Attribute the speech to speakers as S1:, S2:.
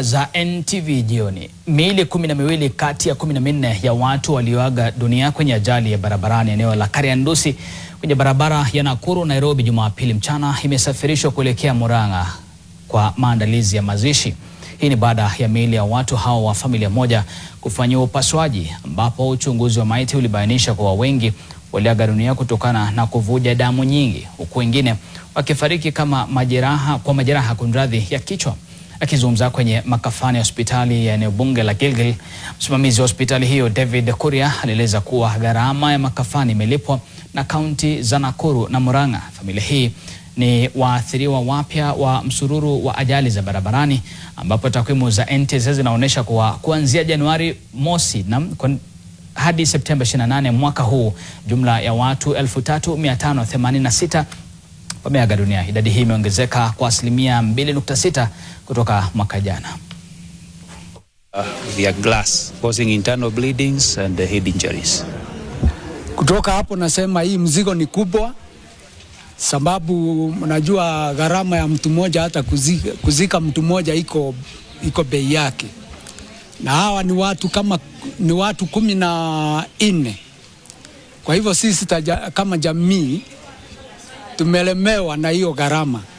S1: za NTV jioni. Miili kumi na miwili kati ya kumi na minne ya watu walioaga dunia kwenye ajali ya barabarani eneo la Kariandusi kwenye barabara ya Nakuru Nairobi Jumapili mchana imesafirishwa kuelekea Murang'a kwa maandalizi ya mazishi. Hii ni baada ya miili ya watu hao wa familia moja kufanyiwa upasuaji, ambapo uchunguzi wa maiti ulibainisha kuwa wengi waliaga dunia kutokana na kuvuja damu nyingi, huku wengine wakifariki kama majeraha, kwa majeraha kunradhi ya kichwa. Akizungumza kwenye makafani ya hospitali ya eneo bunge la Gilgil, msimamizi wa hospitali hiyo David Kuria alieleza kuwa gharama ya makafani imelipwa na kaunti za Nakuru na Murang'a. Familia hii ni waathiriwa wapya wa msururu wa ajali za barabarani ambapo takwimu za NTSA zinaonyesha kuwa kuanzia Januari mosi na hadi Septemba 28 mwaka huu, jumla ya watu 3586 wameaga dunia. Idadi hii imeongezeka kwa asilimia 2.6 kutoka mwaka jana.
S2: Uh, via glass causing internal bleedings and head injuries.
S3: Kutoka hapo nasema hii mzigo ni kubwa, sababu mnajua gharama ya mtu mmoja hata kuzika, kuzika mtu mmoja iko, iko bei yake, na hawa ni watu kama ni watu kumi na nne. Kwa hivyo sisi taja, kama jamii tumelemewa na hiyo gharama.